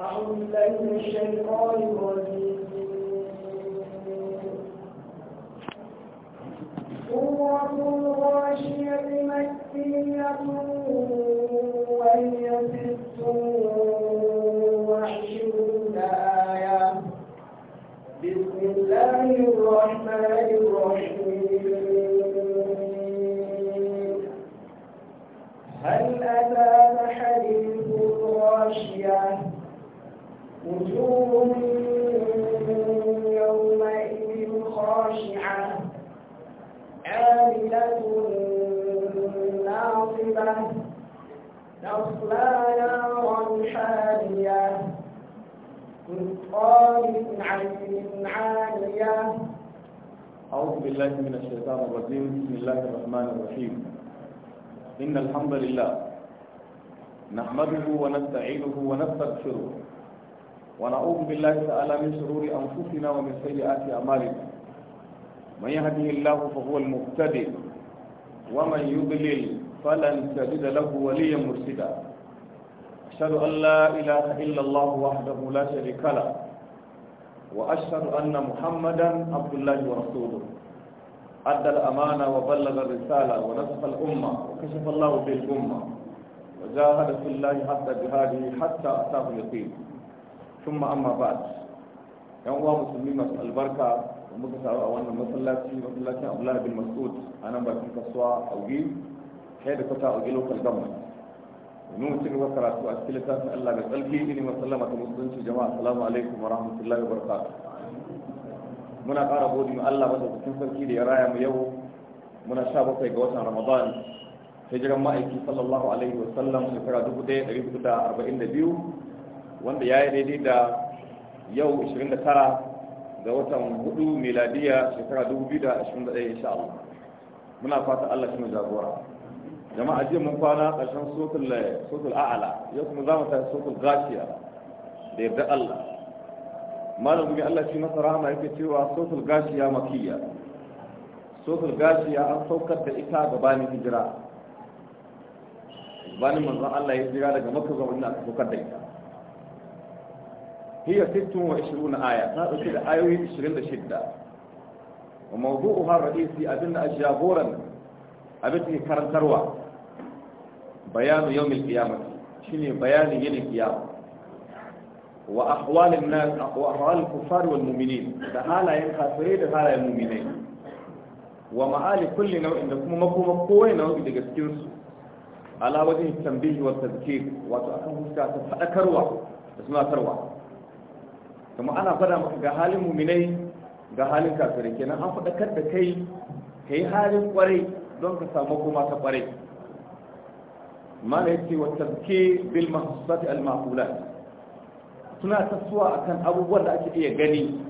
أعوذ بالله من الشيطان الرجيم قوة غاشية مكية وهي ست وعشرون آية بسم الله الرحمن أعوذ بالله من الشيطان الرجيم بسم الله الرحمن الرحيم إن الحمد لله نحمده ونستعينه ونستغفره ونعوذ بالله تعالى من شرور أنفسنا ومن سيئات أعمالنا من يهده الله فهو المهتدي ومن يضلل فلن تجد له وليا مرشدا أشهد أن لا إله إلا الله وحده لا شريك له وأشهد أن محمدا عبد الله ورسوله أدى الأمانة وبلغ الرسالة ونصف الأمة وكشف الله به الأمة وجاهد في الله حتى جهاده حتى أتاه اليقين ثم أما بعد يوم مسلمين البركة ومكسر أولا مسلاتي مسلاتي أبو الله بن مسعود أنا بكم كسوة أوجي كيف كتا أوجي لوكال جمهور domin ci gaba karatu a cikin littafin Allah da tsalki ne masallama ta musulunci jama'a assalamu alaikum wa rahmatullahi wa barakatuh muna ƙara gode ma Allah masa cikin sarki da ya raya mu yau muna sha bakwai ga watan Ramadan hijiran ma'aiki sallallahu alaihi wa sallam shekara dubu ɗaya ɗari hudu da arba'in da biyu wanda ya yi daidai da yau ishirin da tara ga watan hudu miladiya shekara dubu biyu da ashirin da ɗaya insha Allah muna fata Allah shi mu jagora jama'a jiya mun kwana ƙarshen sotul a'ala yau kuma za mu tafi sotul gashiya da yadda Allah malam gumi Allah shi masa rahama yake cewa sotul gashiya makiyya sotul gashiya an saukar da ita gabanin hijira gabanin manzon Allah ya jira daga makka zuwa madina aka saukar da ita hiya 26 aya ta dauke da ayoyi 26 wa mawdu'uha ar-ra'isi abinda ajagoran abin da ke karantarwa bayanu yawmil qiyamah shine bayanin yinin qiyama wa ahwalin nas wa ahwalil kuffar wal mu'minin da halayen kafirai da halayen mu'minai wa ma'ali kulli nau'in da kuma makoma kowane nau'i daga cikin su ala wajen tambihi wa tazkir wato akan huska ta fadakarwa da suna sunatarwa kuma ana fada maka ga halin mu'minai ga halin kafirai kenan an fadakar da kai kai halin kwarai don ka samu kuma ta kwarai wa ما ليتي والتذكير بالمحصات المعقولات suna tasowa akan abubuwan da ake iya gani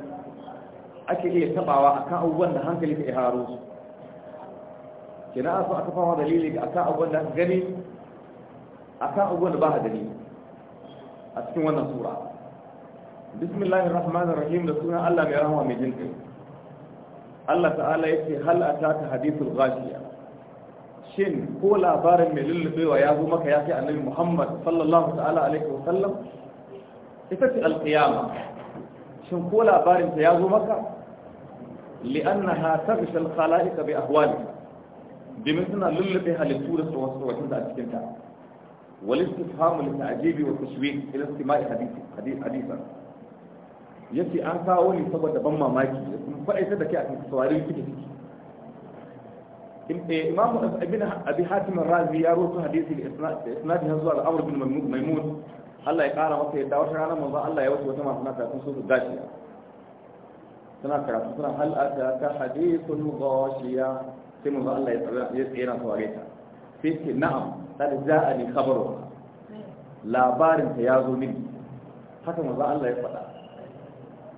ake iya tabawa akan abubuwan da hankali ka iharo su kina aso aka fama dalili ga akan abubuwan da aka gani akan abubuwan da ba gani a cikin wannan sura bismillahir rahmanir rahim da sunan Allah mai rahama mai jinkai Allah ta'ala yace hal ataka hadithul ghashiya shin ko labarin mai lullubewa ya zo maka ya fi annabi muhammad sallallahu ta'ala alaihi wasallam ita ce alƙiyama shin ko labarin ta ya zo maka li'annaha taghsha al-khalaiqa bi ahwali domin suna lullube halittu da tsawatsawacin da a cikin ta wal istifhamu li ta'jibi wa tashwih ila istima'i hadith Ya ce an kawo ne saboda ban mamaki kuma faɗaita da ke a kan saurari kike ciki الإمام إيه، ابن أبي حاتم الرازي يروي في حديث الإسناد هذا الأمر بن ميمون الله يقال ما في الدورة على من ضال الله يوسف وتما سنة تنصوص الغاشية سنة تنصوص هل أتاك حديث الغاشية ثم ضال الله يسعينا سواريتا فيه نعم قال جاءني خبره نعم. لا بارن تيازو مني حتى من ضال الله يفتح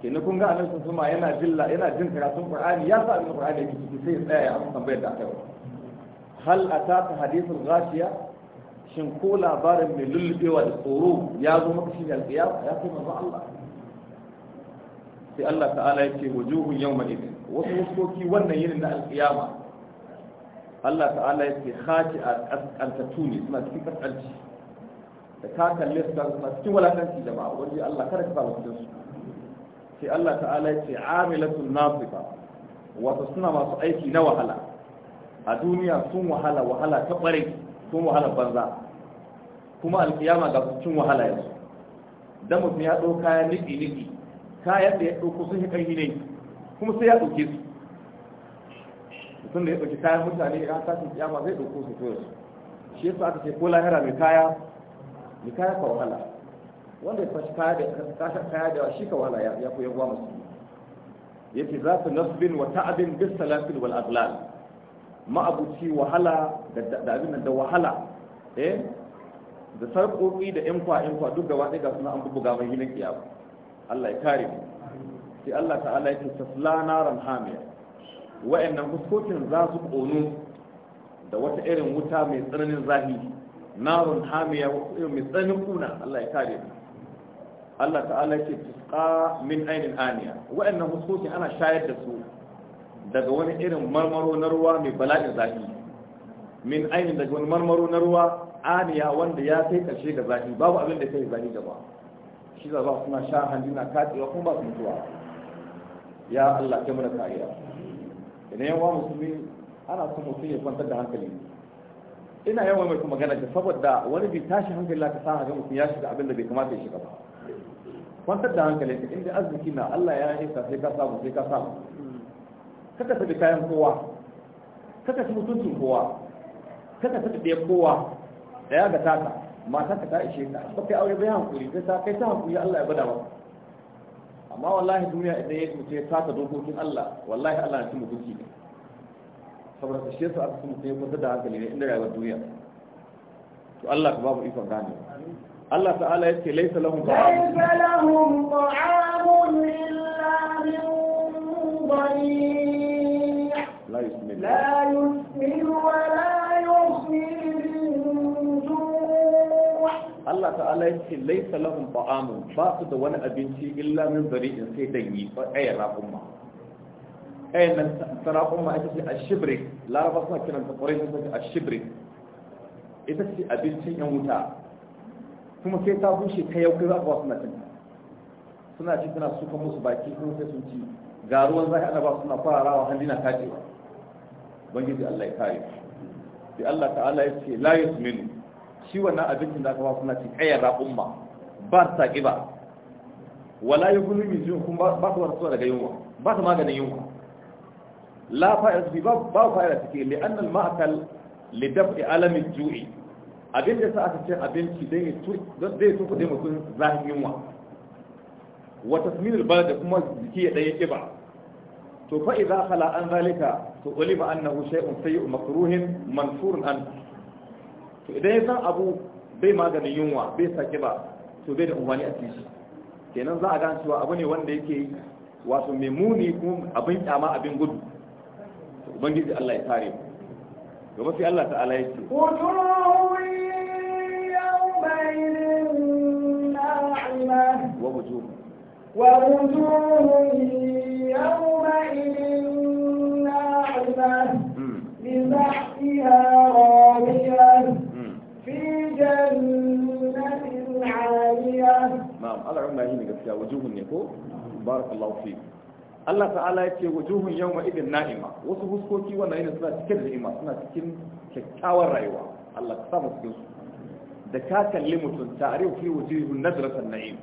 kenan kun ga annabi suma yana jilla yana jin karatun qur'ani ya sa annabi qur'ani yake ciki sai ya tsaya ya amsa tambayar da aka yi hal ataka hadithul ghashiya shin ko labarin mai lullubewa da tsoro ya zo maka shi da alƙiyama ya kai manzo Allah sai Allah ta'ala yake wujuhun yawma idin wasu wasoki wannan yinin na alƙiyama Allah ta'ala yake khati a kaskantatu ne suna cikin kaskanci da ka kalle su suna cikin walakanci jama'a wanda Allah kada ka sa wasu su sai Allah ta'ala ya ce amilatul nasifa wato suna masu aiki na wahala a duniya sun wahala wahala ta bare sun wahala banza kuma alkiyama ga cikin wahala yanzu dan mutum ya ɗauka ya niki niki kayan da ya ɗauko sun yi ƙarfi ne kuma sai ya ɗauke su mutum da ya ɗauki kayan mutane ya tashin kiyama zai ɗauko su to shi yasa aka ce ko lahira mai kaya mai kaya ka wahala wanda ya fashi kaya da kaya da shi ka wala ya masu yi ya yace za su nasbin wa ta'abin bis salafil wal aglal ma'abuci wahala da abin da wahala eh da sarƙoƙi da inkwa kwa duk da ɗaya ga suna an bubuga mai hinin kiyama Allah ya kare mu sai Allah ta'ala yake tasla naran hamiya wa'annan fuskokin za su ƙonu da wata irin wuta mai tsananin zahi narun hamiya irin mai tsananin kuna Allah ya kare mu Allah ta'ala ce tusqa min ainin aniya wa'annan huskoki ana shayar da su daga wani irin marmaro na ruwa mai bala'in zafi min ainin daga wani marmaro na ruwa aniya wanda ya kai karshe ga zafi babu abin da kai zafi gaba shi za ba suna sha hanjina katsewa kuma ba su mutuwa ya Allah ta mana kariya idan yawa musulmi ana son mutum ya kwantar da hankali ina yawan mai magana ta saboda wani bai tashi hankali la ka sa ga mutum ya shiga abin da bai kamata ya shiga ba kwantar da hankali ka inda arziki na Allah ya yi sai ka samu sai ka samu kaka tabi kayan kowa kaka tabi mutuncin kowa kaka tabi ɗaya kowa da ya ga taka mata ka ta ishe ka ba kai aure bai hankuri sai ta kai ta hankuri Allah ya bada ba amma wallahi duniya idan ya mutu ya taka dokokin Allah wallahi Allah na cin mutunci ne saboda ka shi yasa aka cin sai ya kwantar da hankali ne inda rayuwar duniya to Allah ka babu ikon gane Allah ta'ala ya ce laisa lahum ta'amun laisa lahum ta'amun illa min dhari' la yusmin la yusmin wa la Allah ta'ala ya ce laisa lahum ta'amun ba su da wani abinci illa min dhari'in sai danyi fa ayyan umma. ayyan nan raqumma ita ce ashibri laraba suna kiran ta quraish ta ashibri ita ce abincin yan wuta kuma sai ta bushe ta yau kai za ku ba su na cin suna ci suna suka musu baki kuma sai sun ci ga ruwan zai ana ba suna farawa hannu na kacewa ubangiji Allah ya kare Bi Allah ta'ala ya ce la yusminu shi wannan abincin da aka ba suna ci kayyar umma ba ta kiba wala yughlu min jun kuma ba su wartsuwa daga yunwa ba su maganin yunwa la fa'ida ba ba fa'ida take li anna al-ma'kal li daf'i alamin jui abin da sa aka ce abinci zai tuku dai mutum zafin yunwa wata sminul ba da kuma jiki ya ɗaya ƙiba to fa idza khala an zalika to ulima annahu shay'un sayyi'un makruhin manfurun an to idan ya san abu bai maganin yunwa bai sa ƙiba to bai da umarni a cikin kenan za a gane cewa abu ne wanda yake wato mai muni kuma abin kyama abin gudu ubangiji Allah ya kare mu gaba sai Allah ta'ala ya ce عين ناعمة ووجوه ووجوه يومئذ ناعمة لسعيها راضية في جنة عالية نعم على عمنا هنا قد وجوه نيكو بارك الله فيك Allah ta'ala ya ce wujuhun yawma idin na'ima wasu huskoki wannan yana suna cikin ni'ima suna cikin kyakkyawar rayuwa Allah ka samu cikin su da ka kalli mutum ta'arif fi wujuhihim nadratan na'im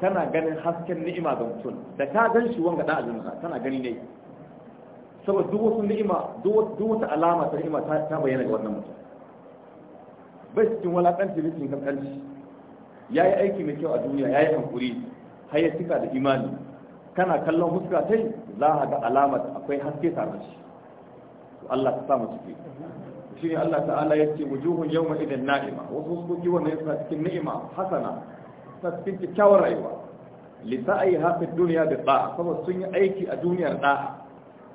kana ganin hasken ni'ima ga mutum da ka gan shi wanga da aljanna kana gani ne saboda duk wasu ni'ima duk wata alama ta ni'ima ta bayyana ga wannan mutum bai cikin walakanci bai cikin kankanci ya yi aiki mai kyau a duniya ya yi hankuri har ya cika da imani kana kallon huska yi za a ga alamar akwai haske tare shi Allah ta samu ciki shine Allah ta'ala Ya ce wujuhun yawma idan na'ima wasu suki wannan suna cikin ni'ima hasana suna cikin kyakkyawar rayuwa li sa'iha fi dunya bi da'a saboda sun yi aiki a duniyar da'a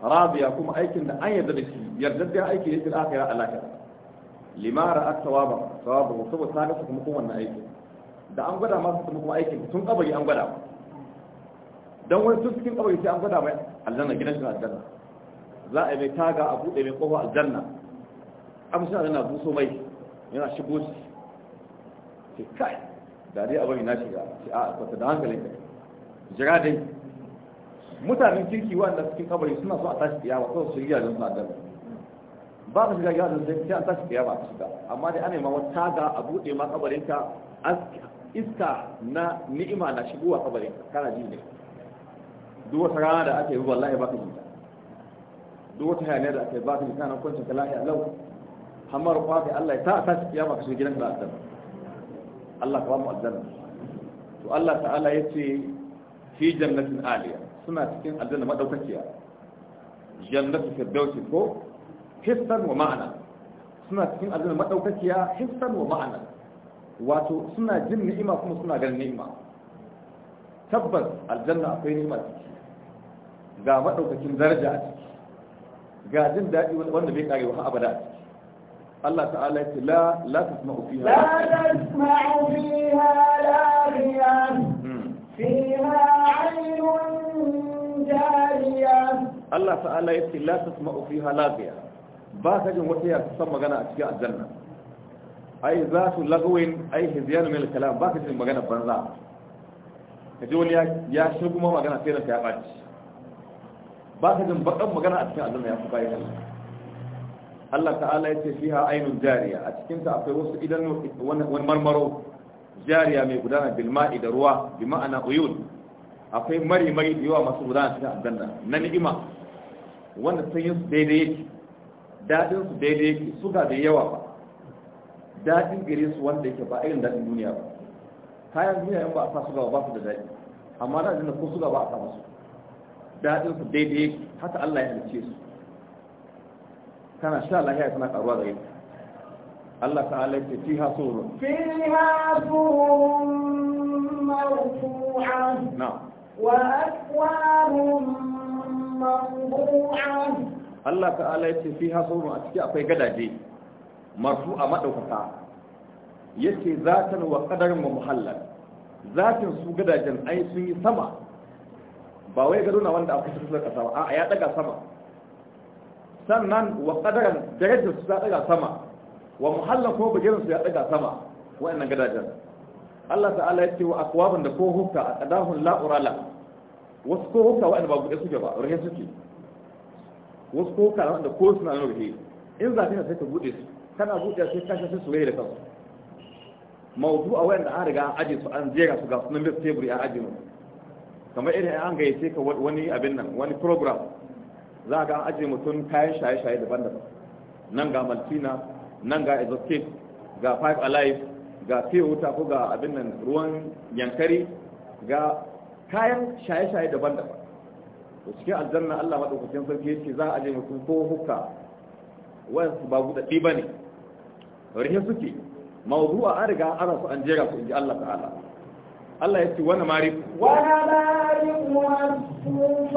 radiya kuma aikin da an yarda da shi yarda da aiki yake akhira alaka lima ra'at thawaba thawabu saboda ta ga kuma wannan aiki da an gwada masa kuma kuma aikin tun kabari an gwada dan wani sun cikin kabari sai an gwada mai aljanna gidan shi aljanna za a yi mai taga a bude mai kofa aljanna abu suna na buso mai yana shigo shi ce kai da dai abin na shiga ce a kwata da hankalin ka jira dai mutanen kirki wanda cikin kabari suna so a tashi kiyama ko su riya don su adana ba ka shiga gidan sai sai an tashi kiyama a shiga amma dai ana ma wata ga a buɗe ma kabarin ka iska na ni'ima na shigowa kabarin ka kana ji ne duk wata rana da ake yi wallahi ba ka ji duk wata hayaniya da ake ba ka ji kana kwancin ka lafiya lau hamar kwafi Allah ya ta ta ya maka kashin gidan da aljanna Allah ka ba mu aljanna to Allah ta'ala ya ce fi jannatin aliya suna cikin aljanna madaukakiya jannatu firdausi ko hissan wa ma'ana suna cikin aljanna madaukakiya hissan wa ma'ana wato suna jin ni'ima kuma suna ganin ni'ima tabbas aljanna akwai ni'ima ciki ga madaukakin daraja a ciki ga jin daɗi wanda bai karewa har abada a ciki الله تعالى لا لا تسمع فيها لا تسمع فيها لاغية فيها عين جارية الله تعالى يقول لا تسمع فيها لاغية باكا جن وتيا تسمى غنا اشياء الجنة أي ذات لغوين أي هزيان من الكلام باكا جن مغنى بنزا كجول يا يا شغو ما مغنى سيرك يا باجي باكا جن بقم مغنى اشياء الجنة يا فقايا الله Allah ta'ala ya ce fiha ainun jariya a cikin ta akwai wasu idan wani marmaro jariya mai gudana bil ma'i da ruwa bi ma'ana uyun akwai mari mari da yawa masu gudana cikin aljanna na ni'ima wanda sun yi su daidai yake dadin su daidai yake suga da yawa ba dadin gare su wanda yake ba irin dadin duniya ba kayan duniya in ba a sa suga ba su da dadi amma na ko suga ba a sa musu dadin su daidai haka Allah ya halice su kana sha lahiya kana karuwa da ka Allah ta'ala ya ce Fi surun fiha fi marfu'a na'am wa akwabun mawdu'a Allah ta'ala ya ce fi fiha surun a ciki akwai gadaje Marfu marfu'a madaukaka yace zatan wa qadarin wa muhallal zatin su gadajen ai sun yi sama ba wai gado na wanda aka kusa kasa ba a ya daga sama sannan wa qadaran darajar su ta sama wa muhallan kuma bugirin su ya tsada sama wa'annan gadajen Allah ta'ala ya ce wa akwaban da ko hukka a qadahu la urala wasu ko hukka wa'anda ba buɗe suke ba rahin suke wasu ko hukka wa'anda ko suna nan rahi in za na sai ka buɗe su kana buɗe sai ka shafi su rahi da kansu mawdu a wa'anda an riga an aje su an jera su ga sunan bis tebur ya aje mu kamar irin an gayyace ka wani abin nan wani program za ga an ajiye mutum kayan shaye-shaye daban-daban nan ga maltina nan ga exotic ga five alive ga fiye wuta ko ga abin nan ruwan yankari ga kayan shaye-shaye daban-daban da cikin aljanna Allah maɗaukacin sarki yake za a je mutum ko hukka su ba buɗaɗɗi ba ne rihe suke mawudu'a an riga ana su an jera su inji Allah ta'ala Allah ya ce wani marif wani marif wasu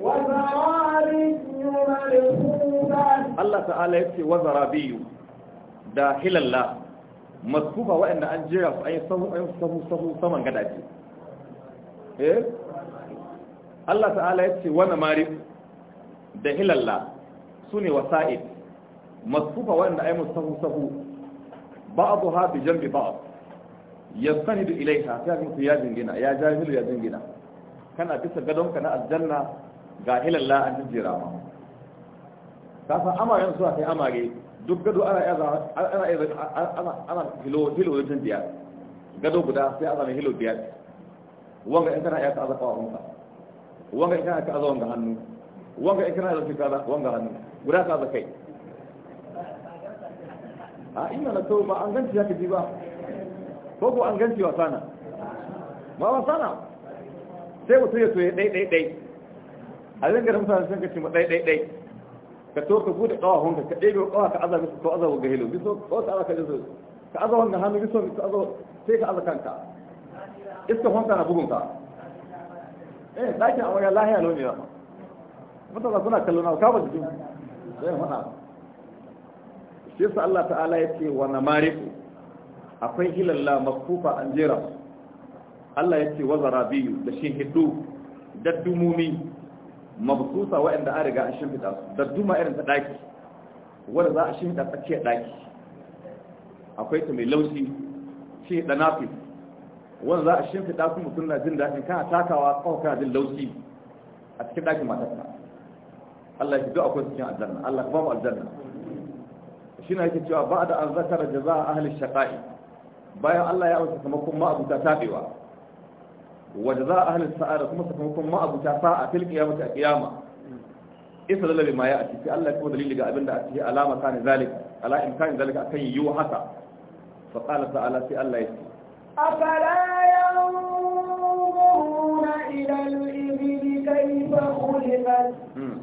Allah ta'ala ya ce wazara biyu da hilalla maskufa waɗanda an jira su ayin sahu ayin sahu sahu saman gadaje eh Allah ta'ala ya ce wani mari da hilalla su ne wa wasa'id maskufa waɗanda ayin sahu sahu ba'adu ha bi jambi ba'ad yastanidu ilaiha ta yi musu ya jingina ya jahilu ya jingina kana bisa gadonka na aljanna ga ilalla an jira ma ka san amaren su sai amare duk gado ana yaza ana yaza ana ana hilo hilo da biyar gado guda sai a zama hilo biyar wanga in kana ya ta azaba wanka wanga in kana ka azaba wanga hannu wanga in kana da ka wanga hannu guda ka zakai a ina na to ba an ganci ya ji ba ko ko an ganci wasana ba wasana sai mutum ya so ya dai dai dai a zan garin mutane sun ka ce ma ɗai ɗai ɗai ka to ka bude ƙawahon ka ka ɗebe ƙawa ka azabi ko azabi ga hilo biso ko ta aka jizo ka azabi ga hannu biso ka azabi sai ka azabi kanka iska honka na bugunka. ka eh ɗakin amarya lahiya launi na mutane suna kallon na kaba jikin zai faɗa shi sa Allah ta'ala ya ce wa namariku akwai hilalla makufa an jera Allah ya ce wa zarabiyu da shi hiddu da dumumi mabkusa waɗanda an riga an shimfiɗa su da duma irin ta ɗaki wanda za a shimfiɗa tsakiyar ɗaki akwai ta mai laushi ce ɗanafi wanda za a shimfiɗa su mutum na jin daɗin kana takawa kawai kana jin laushi a cikin ɗakin matarsa Allah ya duk akwai cikin aljanna Allah ka ba mu aljanna shi na yake cewa ba da an zakara jaza a ahalin shaƙa'i bayan Allah ya auce sakamakon ma abuta taɓewa wa jaza ahli sa'ada kuma sakamakon ma abuta sa'a fil qiyamati a kiyama isa lalabi ma ya a ciki Allah ya kuma dalili ga abinda a ciki alama ta ne zalika ala imkani zalika akan yi, wa haka fa qala ta'ala sai Allah ya ce afala yanzuruna ila al-ibli kayfa khuliqat hmm.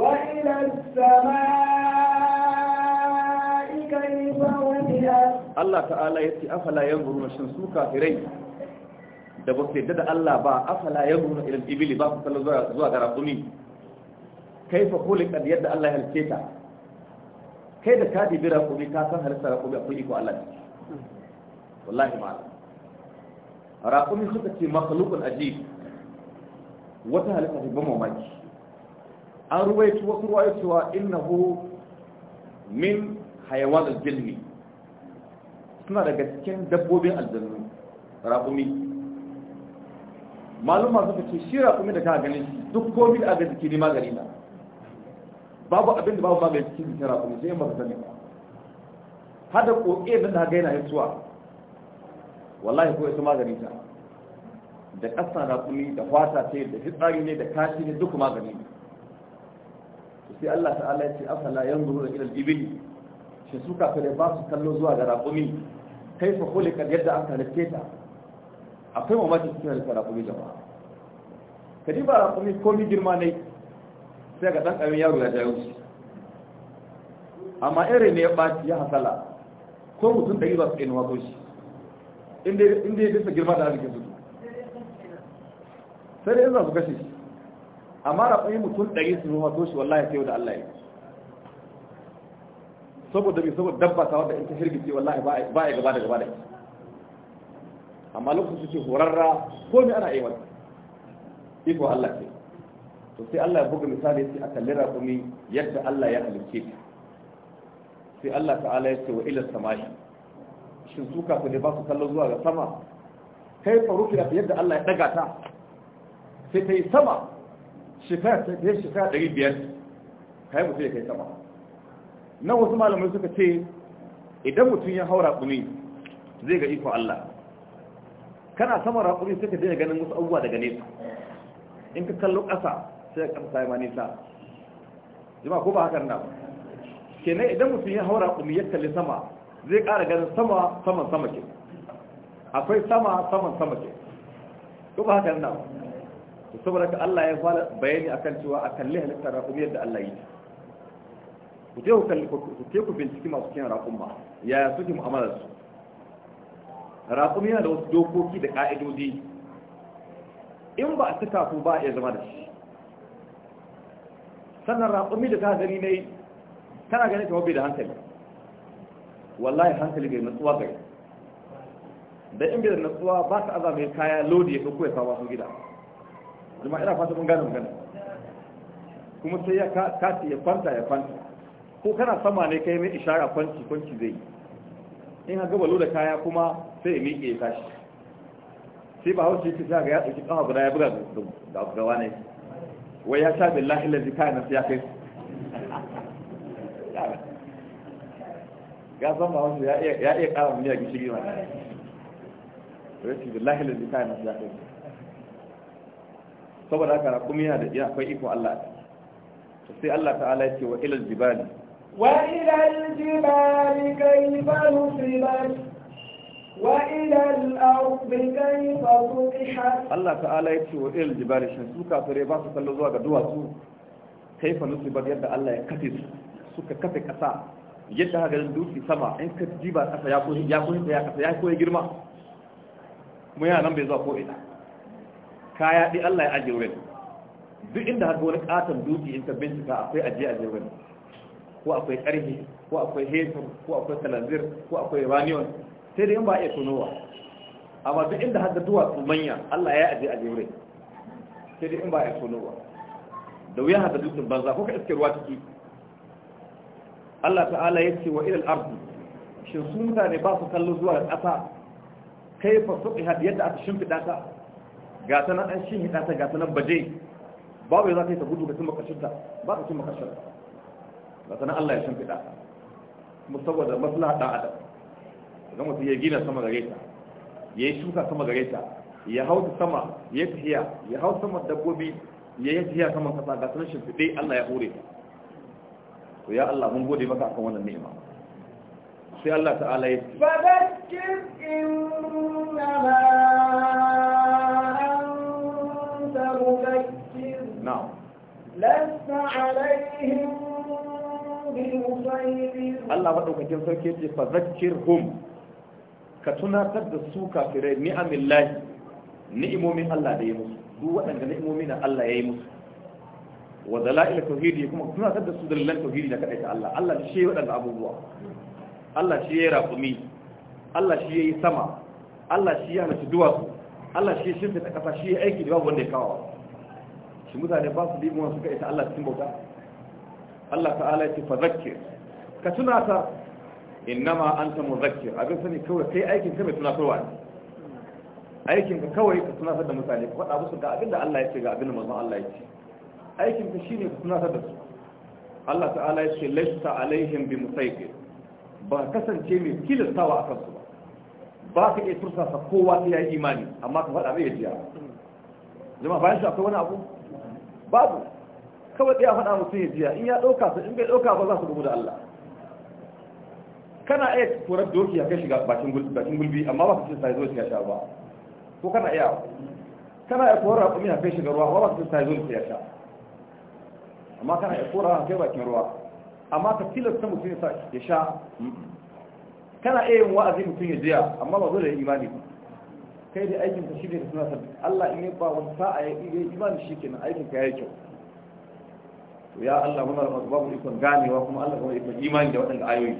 wa ila as-samaa'i kayfa wudiat Allah ta'ala ya ce afala yanzuruna shin su kafirai da ba su yadda da Allah ba afala ya nuna ilal ibili ba su sallar zuwa ga raƙumi kai fa kan yadda Allah ya halice ta kai da ka dibi raƙumi ka san halittar raƙumi akwai iko Allah ciki wallahi ma'ala raƙumi suka ce makalukun ajib wata halitta ta ban mamaki an ruwaitu wasu ruwayo cewa innahu min hayawan aljilmi suna daga cikin dabbobin aljannu raƙumi malumma suka ce shira kuma da ka ganin duk komai da aka jiki ne magani na babu abin da babu magani cikin shira kuma sai in ne sani ba hada koke da ta gaina hitsuwa wallahi ko ita magani ta da ƙasa na kuli da fata ce da fitsari ne da kashi ne duk magani ne sai Allah ta'ala ya ce afala yanzuru ila al-ibil shi suka kare ba su kallo zuwa ga raƙumi kaifa khuliqat yadda aka halitta akwai mamakin cikin halittar rakumi jama'a ka ji ba rakumi ni girma ne sai ga ɗan yaro ya jayo shi amma irin ne ya ɓaci ya hasala ko mutum ɗari ba su ɗin wato shi inda ya bisa girma da arzikin su sai da yanzu su kashe shi amma rakumi mutum ɗari su wato shi wallahi sai da Allah ya saboda bai saboda dabba ta wadda in ta hirgice wallahi ba yi gaba da gaba da ita amma lokacin su ce horarra ko me ana aiwata iko Allah ce to sai Allah ya buga misali sai aka lira kuma yadda Allah ya halicce ta sai Allah ta'ala ya ce wa ila samai shin su kafin ne ba su kallon zuwa ga sama kai fa rufi yadda Allah ya daga ta sai ta yi sama shekara ta yi shekara ɗari biyar kai mutum ya kai sama nan wasu malamai suka ce idan mutum ya haura kuma zai ga iko Allah kana sama raƙuri sai ka daina ganin wasu abubuwa daga nesa in ka kallo ƙasa sai ka ƙasa ya ma nisa jima ko ba hakan na ba kenan idan mutum ya hau raƙumi ya kalli sama zai ƙara ganin sama saman sama ke akwai sama saman sama ke ko ba hakan na ba saboda ka Allah ya fara bayani akan cewa a kalli halittar raƙumi yadda Allah yi ku je ku binciki masu kiyan raƙumma yaya suke mu'amalar su raƙumi yana da wasu dokoki da ƙa'idodi in ba a cika su ba a zama da shi sannan raƙumi da ta gani ne tana ganin kamar bai da hankali wallahi hankali bai nutsuwa gari da in bai da nutsuwa ba ka aza kaya lodi ya ɗauko ya kawo su gida jama'a ina fata mun gane gani? kuma sai ya kati ya fanta ya fanta ko kana sama ne kai mai ishara kwanci kwanci zai yi in haka balo da kaya kuma sai ya miƙe ya tashi sai ba hausa yake sa ga ya tsaki kawo guda ya buga da gawa ne wai ya sha billahi lazi kaya na siya kai ya san ba hausa ya iya ƙara miya gishiri Ba ya ce billahi lazi kaya na siya kai saboda haka kuma yana da iya akwai iko Allah sai Allah ta'ala ya ce wa ilal jibali وإلى الجبال كيف نصبت وإلى الأرض كيف سطحت الله تعالى يكتب وإلى الجبال شنسوكا فريبا سكالو زواغا دواسو كيف نصبت يد الله يكتب suka kafe kasa yadda haka garin dutse sama in ka diba kasa ya koyi ya koyi ya kasa ya koyi girma mu yana nan bai zuwa ko ina kaya dai Allah ya ajiye wurin duk inda haka wani katon duki in ta bincika akwai ajiye ajiye wurin ko akwai ƙarfi ko akwai hetur ko akwai salanzir ko akwai uranium sai dai in ba a iya tonowa amma duk inda har da duwatsu manya Allah ya aje a jure sai dai in ba a iya tonowa da wuya har da dutsen banza ko ka iske ruwa ciki Allah ta'ala ya ce wa ilal ardi shi su mutane ba su kallo zuwa da ƙasa kaifa suqihat yadda aka shimfida ta ga ta nan an shimfida ta ga ta nan baje babu za ta yi ta gudu ka cin makashinta ba ka cimma makashinta ba sanan Allah ya shimfiɗa kuma saboda maslaha ɗan adam ga mutum ya gina sama gare ta ya yi shuka sama gare ta ya hau ta sama ya tafiya ya hau sama dabbobi ya yi tafiya saman kasa ga sanan shimfiɗe Allah ya hore ta to ya Allah mun gode maka akan wannan ni'ima sai Allah ta'ala ya fadakkir inna ma anta mudakkir na'am lasta alaihim Allah maɗaukakin sarki ce fa zakir hum ka tunatar da su kafirai ni'amin lahi ni'imomin Allah da ya musu duk waɗanda ni'imomi na Allah ya yi musu wa zala'il tauhidi kuma tunatar da su dalilan tauhidi da kaɗai ta Allah Allah shi ya waɗanda abubuwa Allah shi ya yi raƙumi Allah shi ya yi sama Allah shi ya halatta duwatsu Allah shi ya shirka ta ƙasa shi ya aiki da babu wanda ya kawo shi mutane ba su limuwa suka ita Allah cikin bauta Allah ta'ala ya ce fa zakkir ka tunata innama anta muzakkir abin sani kawai kai aikin ka mai tunatarwa ne aikin ka kawai ka tunatar da mutane ka faɗa musu ga abin da Allah ya ce ga abin da manzon Allah ya ce aikin ka shine ka tunatar da su Allah ta'ala ya ce laysa alaihim bi musaytir ba kasance mai tilastawa a kansu ba ba ka iya tursasa kowa sai ya yi imani amma ka faɗa mai ya jiya jama'a bayan shi akwai wani abu babu kawai ya faɗa mutum ya jiya in ya ɗauka su in bai ɗauka ba za su rubu da Allah kana iya turar doki ya kai shiga bakin gulbi amma ba su cin sa zo ya sha ba ko kana iya kana iya turar raƙumi ya kai shiga ruwa ba su cin sa zo ya sha amma kana iya turar a kai bakin ruwa amma ka tilasta mutum ya sha kana iya yin wa'azi mutum ya jiya amma ba zo da imani kai da aikin ka shi ne da suna sabbi Allah in ya ba wani sa'a ya yi imani shi kenan aikin ka ya yi kyau to ya Allah muna da masu babu ikon ganewa kuma Allah kuma ikon imani da waɗanda ayoyi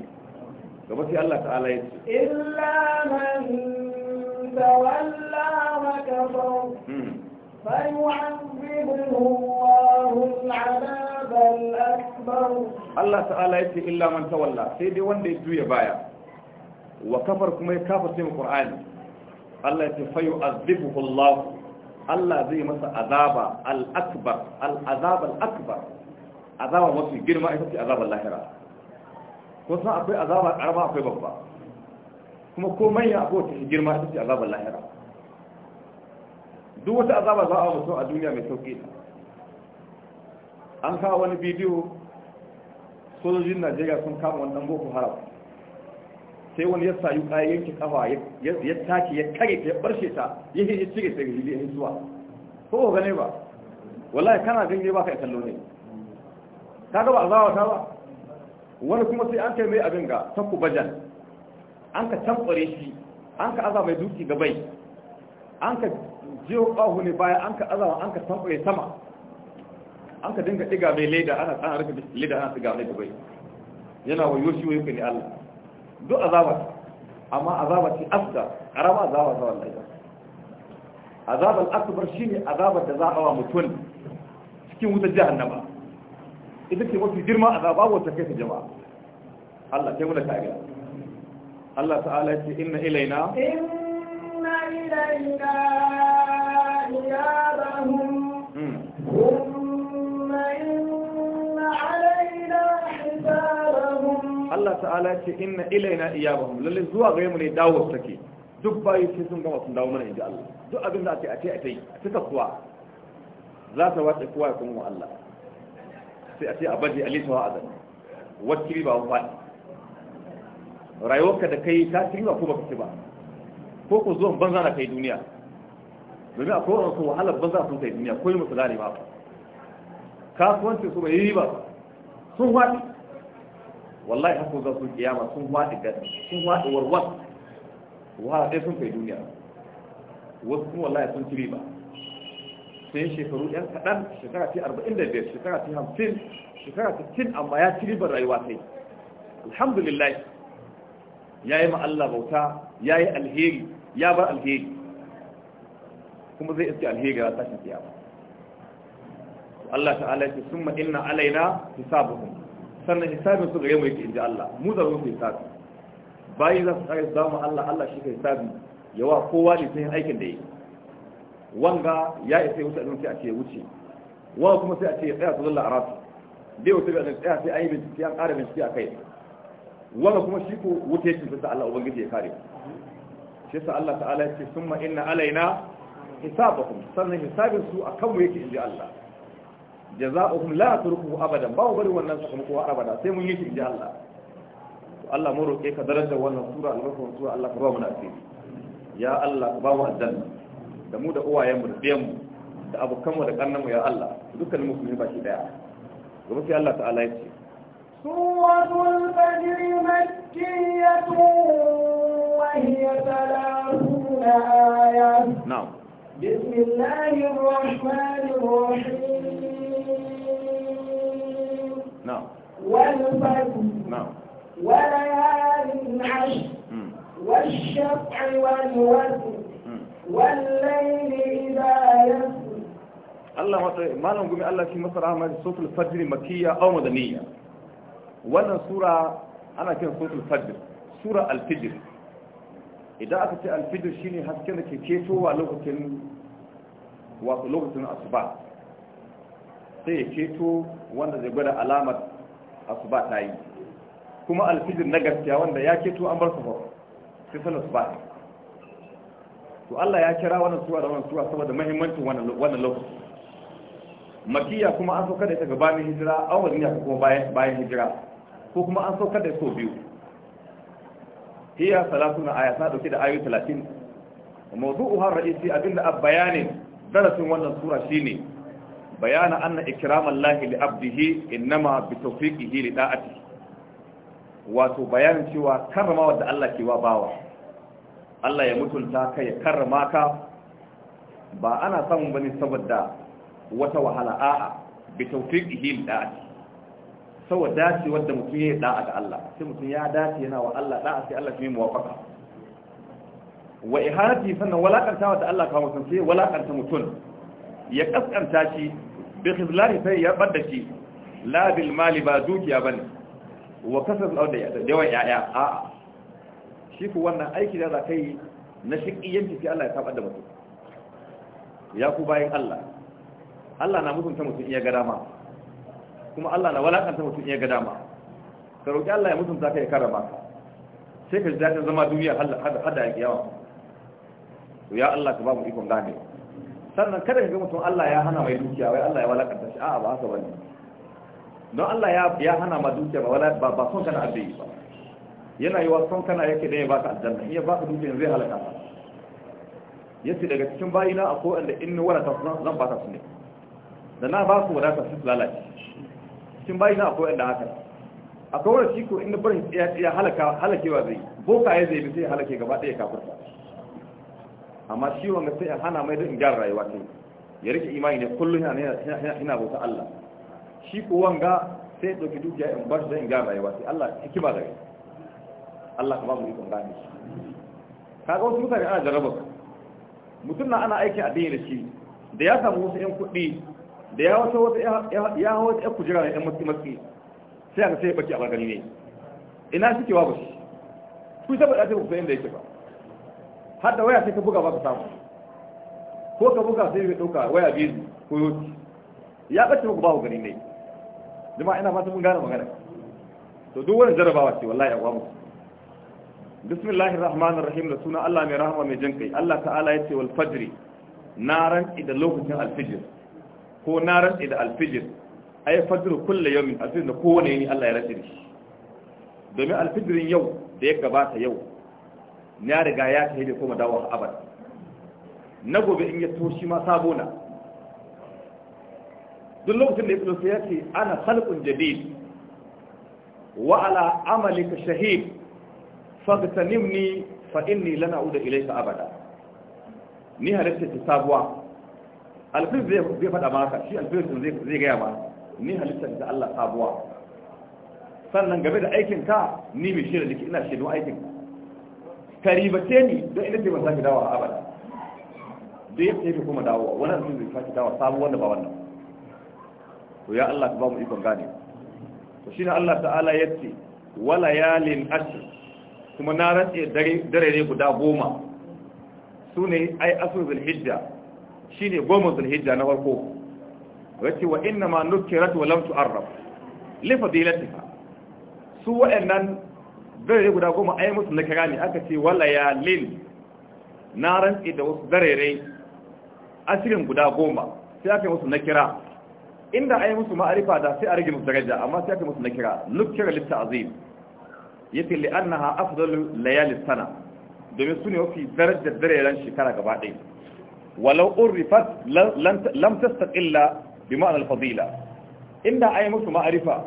ga mafi Allah ta'ala ya ce illa man tawalla hmm. Allah ta'ala yake illa man tawalla sai dai wanda ya juya baya wa kuma ya kafa sai Qur'ani Allah yake fayu azibuhu Allah Allah zai masa azaba al-akbar akbar azaba mafi girma ita ce azabar lahira kun san akwai azaba karama akwai babba kuma ko manya akwai wata girma ita ce azabar lahira duk wata azaba za a mutum a duniya mai sauƙi an kawo wani bidiyo sojojin najeriya sun kama wani ɗan boko haram sai wani ya sayu kayan yanki kafa ya take ya kare ta ya barshe ta ya yi cire ta gari ya zuwa ko ba gane ba wallahi kana ganye ba ka kallo ne kaga ba azawa ta ba wani kuma sai an kai mai abin ga takku bajan an ka tankware shi an ka aza mai duki gabai an ka jiyo ƙahu ne baya an ka azawa an ka tankware sama an ka dinga diga mai leda ana tsana rufe leda ana tsiga mai gabai yana wayo wa wayo ne Allah duk azaba amma azaba ce asda karama azaba ta wallahi azab al-akbar shine azabar da za a wa mutum cikin wutar jahannama ita ce mafi girma a zaba wata kai ta jama'a Allah kai muna kariya Allah ta'ala ya ce inna ilaina inna ilaina iyabahum hmm. thumma inna alaina hisabahum Allah ta'ala ya ce inna ilaina iyabahum lalle zuwa gare mu ne dawo take duk bayi sai sun gama sun dawo mana inji Allah duk abin da ake a ce a tai a tuka kuwa za ta wace kuwa ya kuma Allah sai a ce a baje a wa azan zama ba riba wa faɗi rayuwarka da kai ta ci ba ko baka ci ba ko ku zuwan banza na kai duniya domin a kowane su wahalar banza sun kai duniya ko yi musu lari ba kasuwancin su bai yi ba sun faɗi wallahi haka za su kiyama sun faɗi gada sun faɗi warwar wahala ɗaya sun kai duniya wasu kuma wallahi sun kiri ba. sai shekaru yan kaɗan shekara ta arba'in da biyar shekara ta hamsin shekara ta tin amma ya ci ribar rayuwa sai alhamdulillah ya yi ma'alla bauta ya yi alheri ya bar alheri kuma zai iske alheri ya tashin kiyama Allah ta'ala ya ce summa inna alaina hisabuhum sannan hisabin su gare mu yake inji Allah mu da mu hisabi bayi za su kare su zama Allah Allah shi ka hisabi yawa kowa ne sai aikin da yi. wanga ya isa ya wuce abin sai a ce wuce wanga kuma sai a ce tsaya su zalla a rasu bai wuce bai tsaya sai an yi bincike an ƙara bincike a kai wanga kuma shi ko wuce shi sai Allah ubangiji ya kare shi sa Allah ta'ala ya ce summa inna alaina hisabakum sannan hisabin su akan mu yake inji Allah jaza'uhum la turku abadan ba bari wannan sakamako abada sai mun yi shi inji Allah to Allah mu roke ka darajar wannan sura albarkan sura Allah ka ba mu nasiri ya Allah ka ba mu aljanna da mu da uwayenmu da biyanmu da abokanmu da ƙannanmu ya Allah dukkan musulmi baki ɗaya. gaba sai Allah ta'ala ya ce suratul fajr makkiyatu wa hiya thalathuna aya na'am bismillahir rahmanir rahim na'am wal fajr na'am wa layalin 'ashr والشفع hmm. والوتر Allah wata malam gumi Allah shi masara rahama da sotul fajr makiyya aw madaniyya wannan sura ana kiran sotul fajr sura al-fajr idan aka ce al-fajr shine hasken da ke ketowa lokacin wato lokacin asuba sai ya keto wanda zai gwada alamar asuba ta yi kuma al-fajr na gaskiya wanda ya keto an bar safar sai salat asuba to Allah ya kira wannan sura da wannan sura saboda muhimmancin wannan lokaci makiya kuma an saukar da ita gabanin hijira awalin ya kuma bayan hijira ko kuma an saukar da so biyu hiya salatuna aya ta dauke da ayoyi 30 mawdu'u har ra'isi abinda a bayanin darasin wannan sura shine bayana anna ikramallahi li abdihi innama bi tawfiqihi li da'ati wato bayanin cewa karrama da Allah ke wa bawa Allah ya mutunta ka ya karrama ka ba ana samun bane saboda wata wahala a'a bi tawfiqihi da'a saboda dace wanda mutum ya da'a ga Allah sai mutum ya dace yana wa Allah da'a sai Allah shi muwafaka wa ihanati sannan walakanta wa Allah kawo mutum sai walakanta mutum ya kaskanta shi bi khizlani sai ya bar da shi la bil mali ba dukiya bane wa kasar da yawan yaya a'a shi ku wannan aiki da za ka yi na shiƙiyanci sai Allah ya taɓa da mutum ya ku bayan Allah Allah na mutunta mutum iya ga dama kuma Allah na walakanta mutum iya ga dama ka roƙi Allah ya mutunta ka ya karama ka sai ka ji daɗin zama duniya hada ya kiyawa to ya Allah ka ba mu ikon gane sannan kada ka ga mutum Allah ya hana mai dukiya wai Allah ya walakanta shi a'a ba haka bane don Allah ya hana ma dukiya ba ba son kana addini ba yana yi wasan kana yake da ya baka aljanna in ya baka dukiyar zai halaka ta yace daga cikin bayina akwai wanda in wala ta zan baka su ne da na ba su wadata su lalace cikin bayina akwai wanda haka akwai wanda shi ko inda barin ya halaka halakewa zai boka ya zai bi sai ya halake gaba ɗaya kafirta amma shi wanda sai ya hana mai da in gyara rayuwa ta ya rike imani ne kullum yana bauta Allah shi ko wanga sai ya ɗauki dukiya in bar shi don in gyara rayuwa sai Allah hikima da gani Allah ka ba mu ikon gane shi kaga wasu mutane ana jaraba mutum na ana aiki a da shi da ya samu wasu yan kuɗi da ya wasu wasu ya hawa wata yan kujera na yan matsi matsi sai a sai baki a bagani ne ina shi kewa ba shi ku saboda sai ku inda yake ba har da waya sai ka buga ba ka samu ko ka buga sai ka ɗauka waya biyu ko yoti ya bace muku ba ku gani ne jama'a ina fata mun gane magana to duk wani jarabawa ce wallahi ya kwamu bismillahir rahmanir rahim da suna Allah mai rahama mai jin kai Allah ta'ala yace wal fajri na rantsi da lokacin alfijir ko na rantsi da alfijir ay fajr kullu yawmin alfijir da kowane yini Allah ya rantsi shi domin alfijirin yau da ya gabata yau na riga ya kai da kuma dawo abad na gobe in ya toshi ma sabona duk lokacin da ya fito sai ya ce ana khalqun jadid wa ala amalika shahid fagtanimni fa inni lan a'udu ilayka abada ni halitta ta sabuwa alfir zai faɗa maka shi alfir zai gaya ma ni halitta ta Allah sabuwa sannan game da aikin ka ni mai shirya jiki ina shirin aikin ka ribace ni don ina ce ba sake dawa abada da ya fi kuma dawowa wani alfir zai sake dawa sabu wanda ba wannan to ya Allah ka ba mu ikon gane to shine Allah ta'ala yace wala yalin ashr kuma na rantse dare ne guda goma su ne ai asu zulhijja shi ne goma zulhijja na farko wace wa inna ma nukirat wa lam tu'arraf li fadilatiha su wa'annan dare ne guda goma ai musu na kira ne aka ce wala ya lil na rantse da wasu dare asirin guda goma sai aka musu na kira inda ai musu ma'arifa da sai a rage musu daraja amma sai aka musu na kira nukira litta azim yace li annaha afdalu layalin sana domin sune wafi darajar dare shekara gaba ɗaya walau urifat lam tastaqilla bi ma'anar fadila inda a yi musu ma'arifa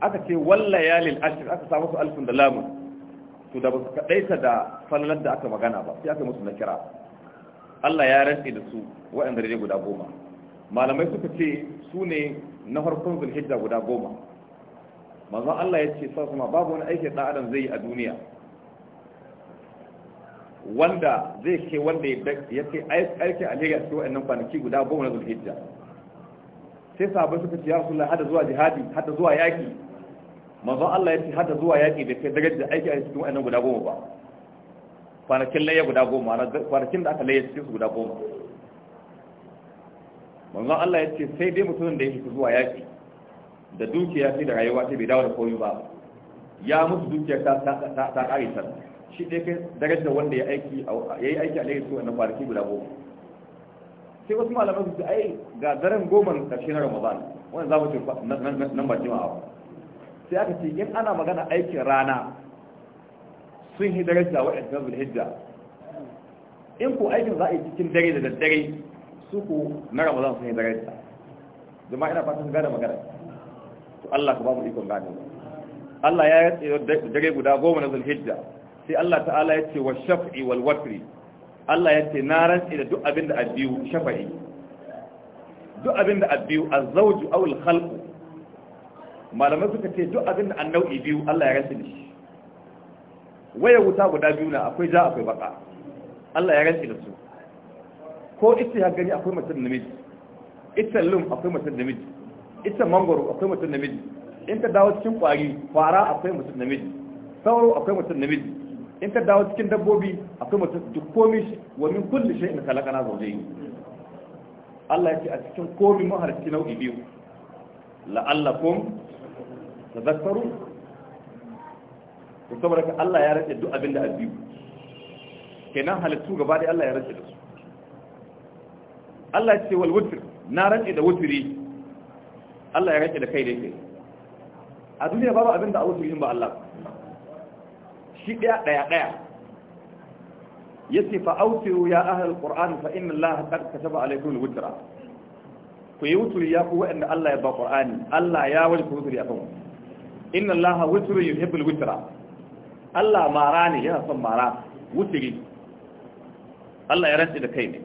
aka ce walla yalil ashir aka samu su alfin da lamun to da ba su kadaita da falalar da aka magana ba sai aka musu na kira Allah ya rantsi da su waɗanda dai guda goma malamai suka ce su ne na farkon zulhijja guda goma manzo Allah ya ce sa kuma babu wani aikin ɗan adam zai yi a duniya wanda zai ke wanda ya ce aikin a lega cikin wa'annan kwanaki guda goma na zulhijja sai sabon suka ce ya rasu hada zuwa jihadi hada zuwa yaƙi manzo Allah ya ce hada zuwa yaƙi da kai darajar aiki a cikin wa'annan guda goma ba kwanakin laye guda goma kwanakin da aka laye cikin su guda goma manzo Allah ya ce sai dai mutumin da ya fita zuwa yaƙi da dukiya sai da rayuwa sai bai dawo da komai ba ya mutu dukiya ta ta ta kare ta shi dai kai darajar wanda ya aiki yi aiki a laifi wannan kwanaki guda goma sai wasu malamai su ai ga daren goma karshe na Ramadan wannan za mu ce nan ba jima'a ba sai aka ce in ana magana aikin rana sun yi daraja wa ɗan hijja in ku aikin za a yi cikin dare da daddare su ku na Ramadan sun yi daraja jama'a ina fatan gada magana to Allah ka ba mu ikon gani Allah ya yace dare guda goma na Zulhijja sai Allah ta'ala ya ce wa shaf'i wal watri Allah ya ce na rantsi da duk abin da abiyu shafa'i duk abin da abiyu azwaju aw al khalq malamai suka ce duk abin da annau'i biyu Allah ya rantsi da shi waya wuta guda biyu na akwai ja akwai baka Allah ya rantsi da su ko ita ya gani akwai mutum namiji ita lum akwai mutum namiji ita mangoro akwai mutum namiji in ka dawo cikin kwari fara akwai mutum namiji sauro akwai mutum namiji in ka dawo cikin dabbobi akwai mutum duk komi wa min kulli shay'in khalaqana zawjayn Allah ya ce a cikin komi har halarci nau'i biyu la'allakum tadhakkaru to saboda ka Allah ya rage duk abin da a biyu kenan halittu gaba da Allah ya rage da su Allah ya ce wal wutr na rage da wutri Allah ya rake da kai da yake a duniya babu abin da abu yin ba Allah shi daya daya daya yace fa autiru ya ahal qur'an fa inna Allah qad kataba alaykum al-witra ku yi wuturi ya ku wa'anda Allah ya ba qur'ani Allah ya wajaba wuturi akan inna Allah wutru yuhibbul witra Allah mara ne yana son mara wuturi Allah ya rantsi da kai ne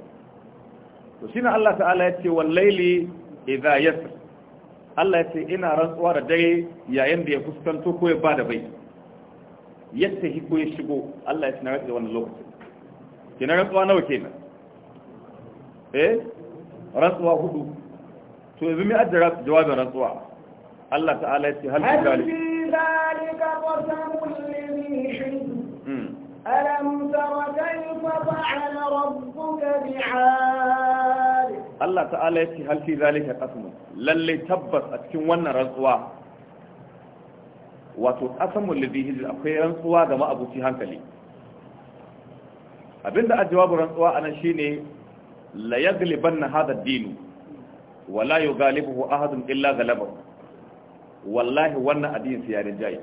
to shi Allah ta'ala ya ce wal layli idha yasr Allah ya ce ina rantsuwa da dare yayin da ya fuskanto ko ya ba da bai yadda hiko ya shigo Allah ya ce na rantsu da wannan lokacin ke na rantsuwa nawa kenan eh rantsuwa hudu to yanzu mai ajiyar jawabin rantsuwa Allah ta'ala ya ce hal fi zalika qasamul limi hmm. alam yi kayfa fa'ala Allah ta'ala ya ce halfi zalika qasmu lalle tabbas a cikin wannan rantsuwa wato qasamul ladhi hijr akwai rantsuwa ga ma'abuci hankali abinda a jawabin rantsuwa anan shine la yaglibanna hadha ad-din wa la yughalibuhu ahadun illa ghalabahu wallahi wannan addinin sai ya rinjaye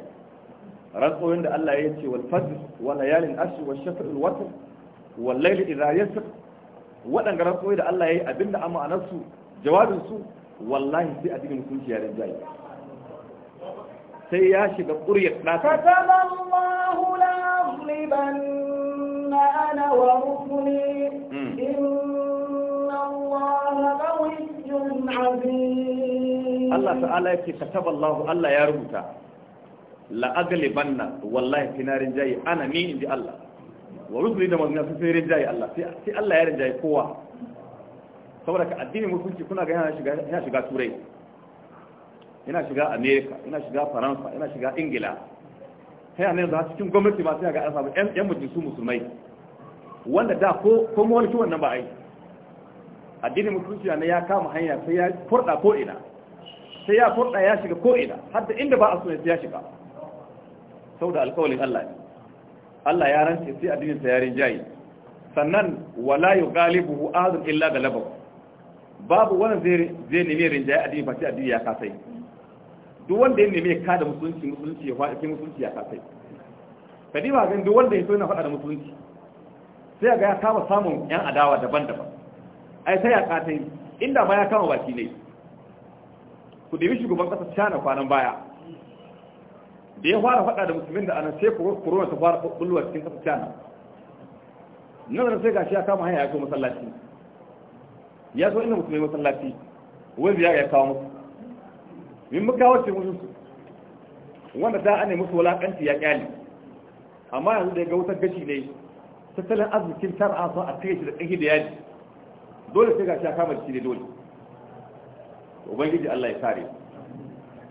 rantsuwar da Allah ya ce wal fajr wa layalin ashr wa shafa'il watr wal layli idha yasr waɗanda rantsuwa da Allah ya yi abinda an ma'anarsu jawabinsu wallahi sai addinin musulunci ya rinjaye sai ya shiga ƙuryar ɗasa kataba Allahu la aghlibanna ana wa rusuli hmm. inna Allaha qawiyyun azim Allah ta'ala yake kataba Allahu Allah ya rubuta la aghlibanna wallahi finarin jayi ana ni inji Allah wa rusuli da manzanni sun sai rinjaye Allah sai Allah ya rinjaye kowa saboda ka addinin musulunci kuna ga yana shiga yana shiga turai yana shiga america yana shiga faransa yana shiga ingila sai a yanzu cikin gwamnati ma sai ga an samu yan su musulmai wanda da ko ko wani wannan ba ai addinin musulunci ne ya kama hanya sai ya furda ko ina sai ya furda ya shiga ko ina har da inda ba a so ya shiga saboda alƙawarin Allah ne Allah ya rance sai addinin sa yarin jayi sannan wala yughalibuhu ahadun illa galabahu babu wani zai zai nemi rinjaye addini ba sai addini ya kasai duk wanda ya nemi kada musulunci musulunci ya faɗi musulunci ya kasai kadima gan duk wanda ya so yana faɗa da musulunci sai ga ya kama samun yan adawa daban-daban ai sai ya kasai inda ma ya kama baki ne ku dibi shugaban kasa China kwanan baya da ya fara faɗa da musulmin da anan sai korona ta fara bulwa cikin ƙasar china nan da sai gashi ya kama hanya ya zo masallaci ya zo inda musulmi masallaci wai biya ya kawo musu min muka wace musu wanda da ne musu wulakanci ya kyale amma yanzu da ya ga wutar gashi ne tattalin arzikin tar'a sun a cikin da ɗaki da yaji dole sai gashi ya kama shi ne dole ubangiji Allah ya kare.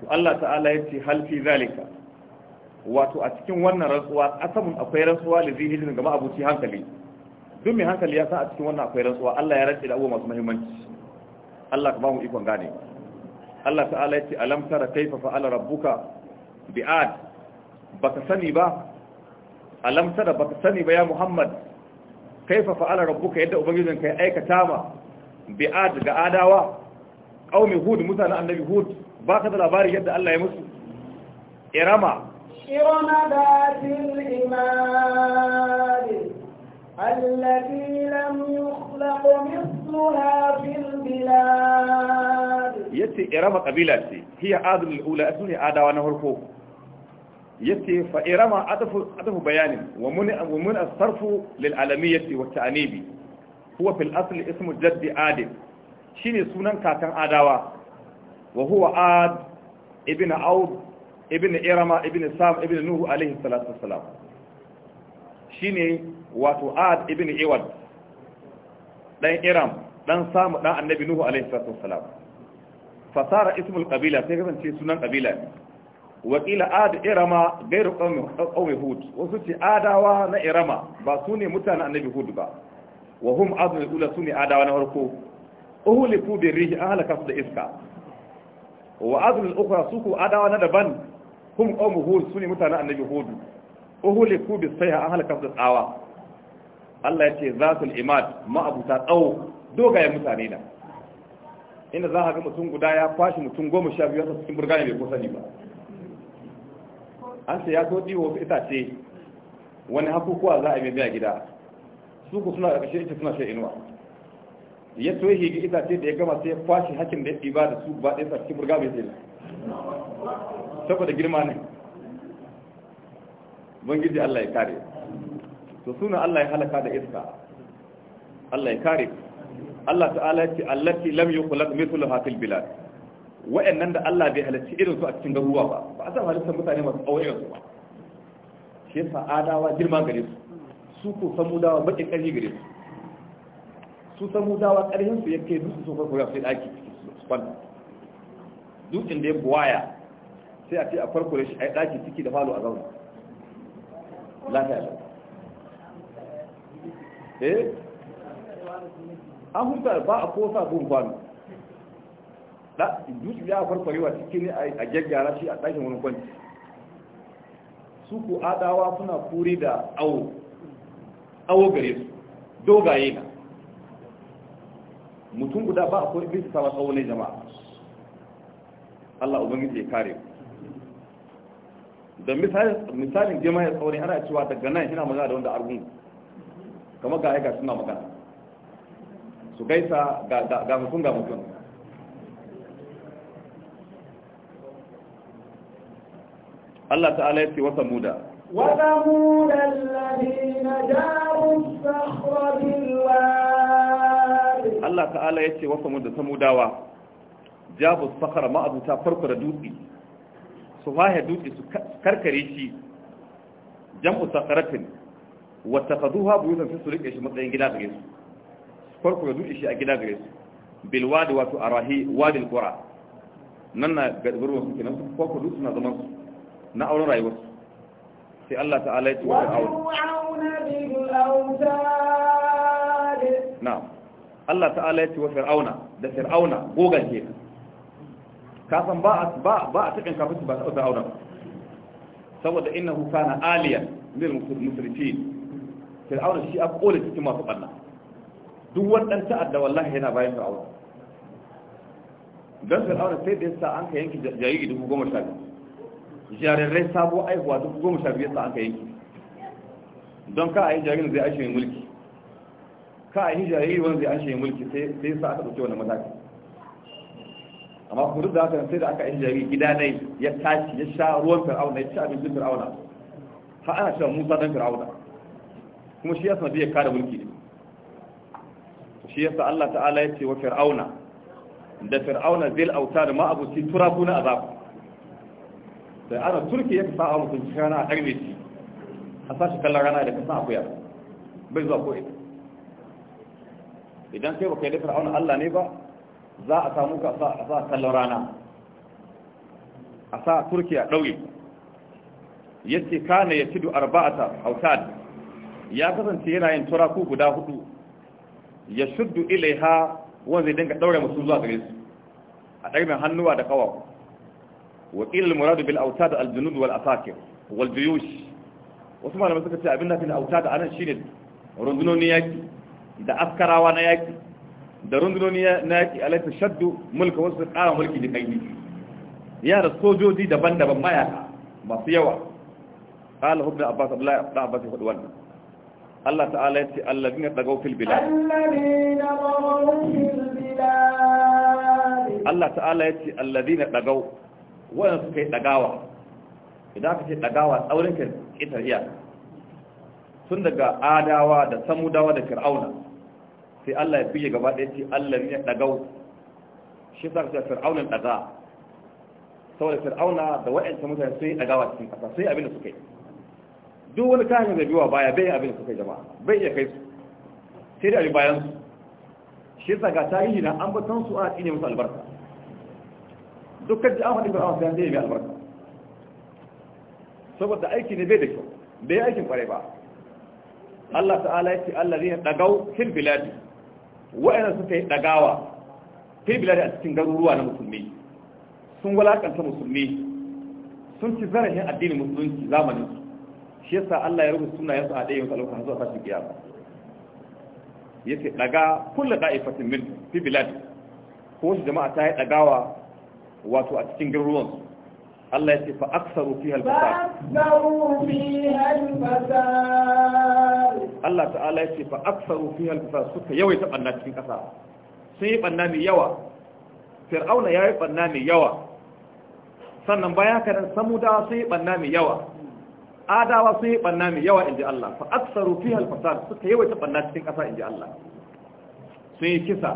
to Allah ta'ala ya ce hal fi zalika wato a cikin wannan rantsuwa asabun akwai rantsuwa da zai hijin gama abuci hankali duk mai hankali ya san a cikin wannan akwai rantsuwa Allah ya rantsa da abubuwa masu muhimmanci Allah ka ba mu ikon gane Allah ta'ala ya ce alam tara kaifa fa'ala rabbuka bi'ad baka sani ba alam tara baka sani ba ya Muhammad kaifa fa'ala rabbuka yadda ubangijin kai aikata ma bi'ad ga adawa qaumi hud mutanen annabi hud baka da labari yadda Allah ya musu irama إرم ذات العماد التي لم يخلق مثلها في البلاد يتي إرم قبيلة هي آدم الأولى أسمها آدم ونهرفو يتي فإرم أدف, أدف بيان ومن, ومن الصرف للعالمية والتأنيبي هو في الأصل اسم جد آدم شيني سنن كاتن آدم وهو آد ابن عوض ibn irama ibn sam ibn nuhu alaihi salatu wassalam shine wato ad ibn iwad dan iram dan Sam, dan annabi nuhu alaihi salatu wassalam fasara ismul qabila sai kasance sunan qabila ne wakila ad irama gairu qawmi hud wasu ce adawa na irama ba su ne mutanen annabi hud ba wa hum azmul ula su ne adawa na farko uhuliku bi rihi an halaka su da iska wa azmul ukhra suku adawa na daban hum qawmu hud sune mutanen annabi hudu uhuliku bi sayha an halaka da tsawa Allah ya ce zatul imad ma'abuta tsawo dogayen mutane da inda za a ga mutum guda ya kwashi mutum goma sha biyu cikin burgani bai kusa ni ba an ce ya zo ɗiwo wasu itace wani hakukuwa za a yi biya gida su ku suna ƙarƙashin ita suna shan inuwa ya toye higi itace da ya gama sai ya kwashe hakin da ya ɗiba da su ba ɗaya cikin burgani bai zai saboda girma ne ubangiji Allah ya kare to suna Allah ya halaka da iska Allah ya kare Allah ta'ala ya ce allati lam yukhlaq mithluha fil bilad wa'annan da Allah bai halarci irin su a cikin garuruwa ba ba a san halittar mutane masu auren su ba shi yasa adawa girma gare su su ko samudawa bakin ƙarfi gare su su samudawa ƙarfin su yake duk su so ko ya fi ɗaki su kwanta dutsen da ya buwaya sai a ce a farko shi a yi ɗaki ciki da falo a zauna lafiya da eh an huta ba a kosa bin kwano da duk ya farko ciki cikin a gaggara shi a ɗakin wani kwanci su ku adawa suna kuri da awo awo gare su dogaye na mutum guda ba a kawai bisa sama tsawo ne jama'a Allah ubangiji ya kare ku da misalin jima'i tsauri ana cewa daga nan yana magana da wanda argungu kamar ga aika suna magana su gaisa ga mutum ga mutum Allah ta'ala ya ce wata muda wata muda lalina jarun sahwabinwa Allah ta'ala ya ce wata muda ta mudawa jabus sakara ma'abuta farko da dutsi. su fahe dutse su karkare shi jam'u sakaratin wata kaduha buyutan sai su rike shi matsayin gida gare su farko ya dutse shi a gida gare su bilwa wato wato arahi wadil qura nan na garbarwa su kenan su farko dutse na zaman su na auren rayuwarsu sai Allah ta'ala ya ce wa fir'auna na'am Allah ta'ala ya ce wa fir'auna da fir'auna gogan kenan kasan ba a cikin kafin ba taɓa ba saboda ina huka na aliyan lil musulci fir'auna shi a ƙole cikin masu banna duk waɗanda ta'adda wallahi yana bayan fir'auna don fir'auna sai da yasa an ka yanki jariri dubu goma sha biyu jarirai sabo aihuwa dubu goma sha biyu yasa an ka yanki don ka a yi jaririn zai ashe mulki ka a yi jariri wanda zai ashe mulki sai sa aka ɗauki wani mataki amma kuma duk da haka sai da aka yin jari gida ne ya tashi ya sha ruwan fir'auna ya ci abincin fir'auna fa ana cewa musa dan fir'auna kuma shi ya bai kada mulki ne shi yasa Allah ta'ala ya ce wa fir'auna da fir'auna zil autar ma abuci turakuna azab sai ana turki ya kasa a mutum cikin rana a ɗarme shi a sashi kallon rana da kasan akuya bai zuwa ko ita idan sai ba kai da fir'auna Allah ne ba za a samu ka a sa kallon rana a sa turkiya ɗauye ya ce kana ya cidu arba'ata hautad ya kasance yana yin turaku guda hudu ya shuddu ha wanda zai dinga ɗaure musu zuwa gare su a ɗari mai hannuwa da kawawa wakil muradu bil auta da junud wal asakir wal juyush wasu malamai suka ce abin da fi auta da anan shine rundunonin yaki da askarawa na yaki da rundunoni na yaki alaisa shaddu mulka wasu ƙara mulki da ƙaimi yana da sojoji daban-daban mayaka masu yawa ƙala hudu da abbas abdullahi da abbas ya wannan Allah ta'ala ya ce allazi na ɗagau fil bila. Allah ta'ala ya ce allazi na ɗagau. waɗanda suka yi ɗagawa idan aka ce ɗagawa tsaurin ƙitar iya tun daga adawa da samudawa da fir'auna sai Allah ya fiye gaba ɗaya ce Allah ne ɗagau shi sa da fir'auna ɗaga saboda fir'auna da wa'yanta mutane sun yi ɗagawa cikin ƙasa sai abin da suka yi duk wani kayan da biyuwa baya bai abin da suka yi jama'a bai iya kai su sai da bayan su shi sa ga tarihi na an batan su a tsine musu albarka dukkan da an faɗi fir'auna sai an zai mai albarka saboda aiki ne bai da kyau bai aikin kwarai ba Allah ta'ala ya ce Allah zai ɗagau fil biladi wa'ina suka yi dagawa fil biladi a cikin garuruwa na musulmi sun walakanta musulmi sun ci zarafin addinin musulunci zamanin su shi yasa Allah ya rubuta sunayen su a ɗaya yau a zuwa tashin kiyama yace daga kullu da'ifatin min fi bilad ko shi jama'a ta yi dagawa wato a cikin garuruwan su Allah ya ce fa aksaru fiha al-fasad Allah ta'ala ya ce fa aksaru fiha al suka yawaita banna cikin kasa sun yi banna mai yawa fir'auna ya yi banna mai yawa sannan bayan haka nan samudawa sun yi banna mai yawa adawa sun yi banna mai yawa inji Allah fa aksaru fiha al suka yawaita banna cikin kasa inji Allah sun yi kisa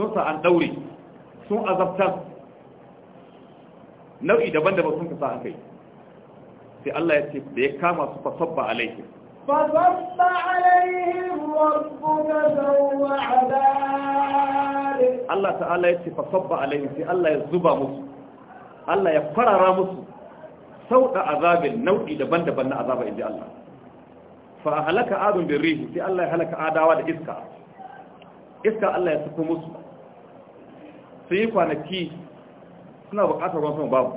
sun sa an daure sun azabtar nau'i daban-daban sun kasa an kai sai Allah ya ce da ya kama su fa sabba alaihim فصب عليهم ربك سوء عذاب الله تعالى يتي فصب عليهم في الله يزبى مصر الله يفرر مصر سوء عذاب النوع دبن دبن عذاب إن الله فأهلك آدم بالريح في الله يهلك آداوة إسكا إسكا الله يسكو مصر سيكو أنكي suna bukatar ruwan sama babu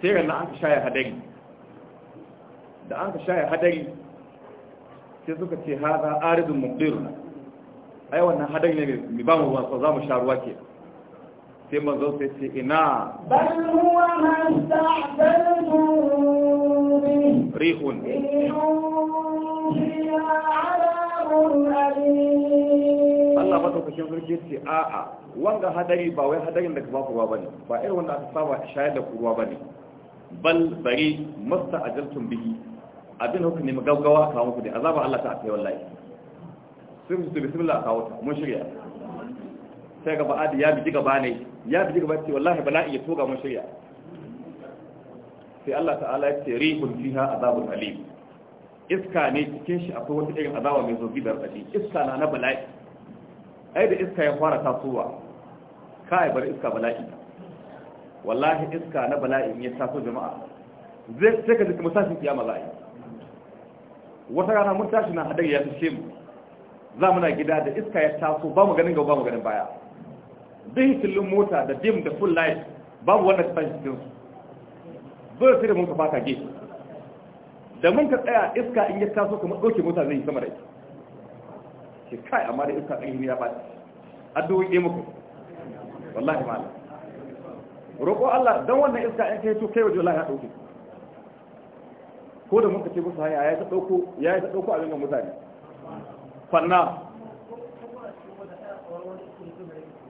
sai ga na an shaya hadari da an ka ya hadari sai suka ce haza aridun mubdiruna ai wannan hadari ne mai ba mu wasu za mu sha ruwa ke sai manzo sai ce ina bal huwa ma rihun Allah ba daukakin zurge ce a'a wanga hadari ba wai hadarin da kuwa ba ne. ba irin wanda aka saba shayar da ruwa ne. bal bari masta ajaltum bihi abin hukumi mu gaggawa a kawo muku da azaba Allah ta akai wallahi sai mu bismillah a kawo ta mun shirya sai gaba adi ya biji gaba ne ya biji gaba ce wallahi bala'i ya toga mun shirya sai Allah ta'ala ya ce rihun fiha azabun alim iska ne cikin shi akwai wata irin azaba mai zogi da radadi iska na na bala'i ai da iska ya fara tasowa kai bar iska bala'i wallahi iska na bala'i ne taso jama'a zai sai ka ji kuma sashin kiyama za'a yi wata rana mun tashi na hadari ya tashi mu za mu na gida da iska ya taso ba mu ganin gaba ba mu ganin baya duk tilin mota da dim da full light babu mu wannan tashi cikin su ba su da mun ka fata gefe da mun ka tsaya iska in ya taso kuma ɗauke mota zai yi sama da ita kai amma da iska ɗan yi ya ba addu'o'i ɗaya muku wallahi ma'ala roƙo Allah don wannan iska in ka yi to kai waje wallahi ya ɗauke ko da muka ce musu hanya ya ta dauko ya ta dauko abin ga mutane fanna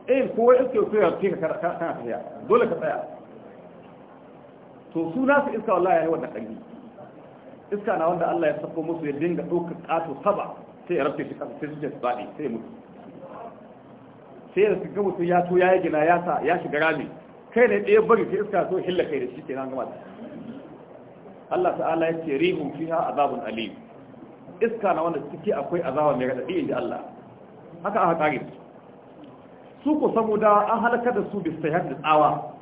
eh ko wai iske so ya ce ka kana tafiya dole ka tsaya to su na su iska wallahi yayi wannan dangi iska na wanda Allah ya sako musu ya dinga ɗaukar ƙato saba sai ya rafe shi kan sai su je su baɗi sai mutu sai da kuma su ya to ya yi gina ya sa ya shiga rami kai ne ɗaya bari sai iska so hilla kai da shi kenan gama da Allah ta'ala ya ce rihun fiha azabun alim iska na wanda suke akwai azaba mai radadi inji Allah haka aka kare su ko samuda an halaka da su bisa yar da tsawa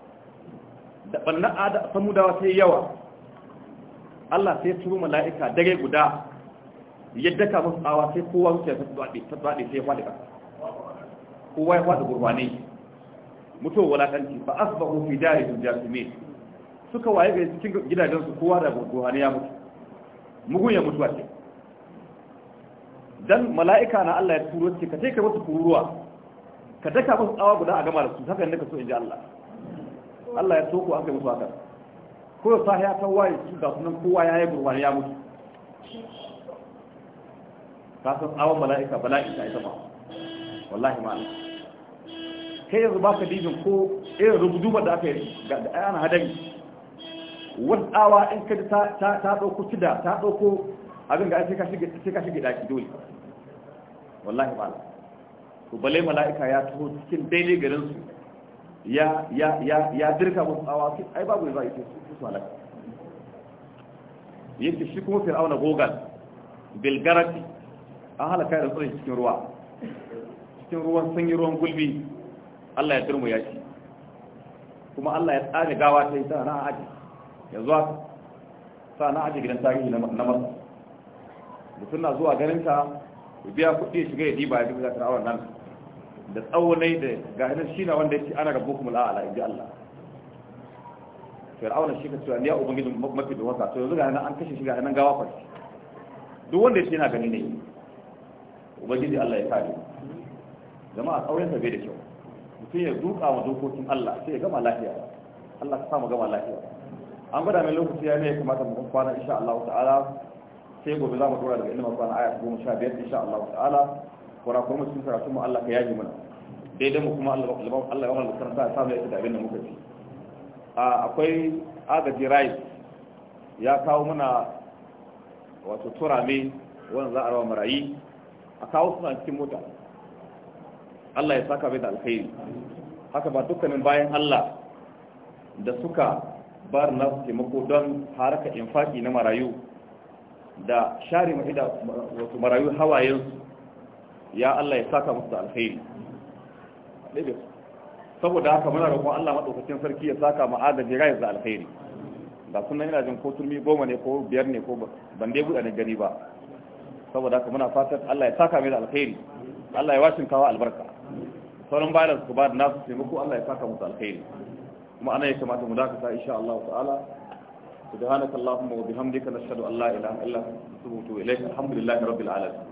da banna ada samudawa sai yawa Allah sai turo mala'ika dare guda yadda ka musu tsawa sai kowa wuce ta tsadi ta dade sai ya fadi kowa ya fadi gurbani mutuwa walakanci fa asbahu fi darihim jasimin suka waye gari cikin gidajensu kowa da ruhani ya mutu mugun ya a ce dan mala'ika na Allah ya turo ce ka kai musu kururuwa ka daka musu tsawa guda a gama da su ne ka so in ji Allah Allah ya soko aka musu haka ko sa ya ta waye su ga sunan kowa ya yi ruhani ya mutu ka san tsawon mala'ika bala'ika ita ma wallahi Allah kai yanzu ba ka dijin ko irin rubutu da aka yi ga ana hadari wasawa in ka ta ta dauko kida ta dauko abin da sai ka shige sai ka shige daki dole wallahi ba to bale mala'ika ya taho cikin daidai garin su ya ya ya ya dirka musu tsawa sai ai babu zai ce su halaka yake shi kuma fir'auna gogal bilgarati an halaka da tsarin cikin ruwa cikin ruwan sanyi ruwan gulbi Allah ya turmu ya ci kuma Allah ya tsare gawa ta yi tsara na aji yanzu haka sa na aje gidan tarihi na masa Da suna zuwa ganin ta biya kuɗi ya shiga ya diba ya duka ta nan da tsawonai da gahinar shi na wanda ya ce ana rabu kuma la'ala in ji Allah fir'aun shi ka cewa ni ya ubangiji mafi da wasa to yanzu ga an kashe shi ga nan gawa kwashi duk wanda ya ce yana gani ne ubangiji Allah ya kare jama'a tsaurin sa bai da kyau mutum ya duka wa dokokin Allah sai ya gama lafiya Allah ka samu gama lafiya an gwada mai lokaci ya ne ya kamata mu kwana insha Allah ta'ala sai gobe za mu dora daga ilimin kwana aya goma sha biyar insha Allah ta'ala kora kuma mu cikin karatu mu Allah ka yaji mana daidai mu kuma Allah Allah ya wannan karanta ya samu ya da abin da muka ci akwai agaji rice ya kawo mana wato turame wanda za a rawa marayi a kawo suna cikin mota Allah ya saka bai da alkhairi haka ba dukkanin bayan Allah da suka bar na taimako don haraka infaki na marayu da share da wasu marayu hawayensu ya Allah ya saka musu da saboda haka muna roƙon Allah maɗaukacin sarki ya saka ma'adar adalci rayar za alheri da sunan yana jin ko turmi goma ne ko biyar ne ko ban dai buɗe gani ba saboda haka muna fatan Allah ya saka mai da Allah ya washin kawo albarka sauran bayan su ba da nasu taimako Allah ya saka musu alheri. kuma ana ya kamata mu dakata insha Allah ta'ala subhanaka allahumma wa bihamdika nashhadu an la ilaha illa anta astaghfiruka wa atubu ilaik alhamdulillahi rabbil alamin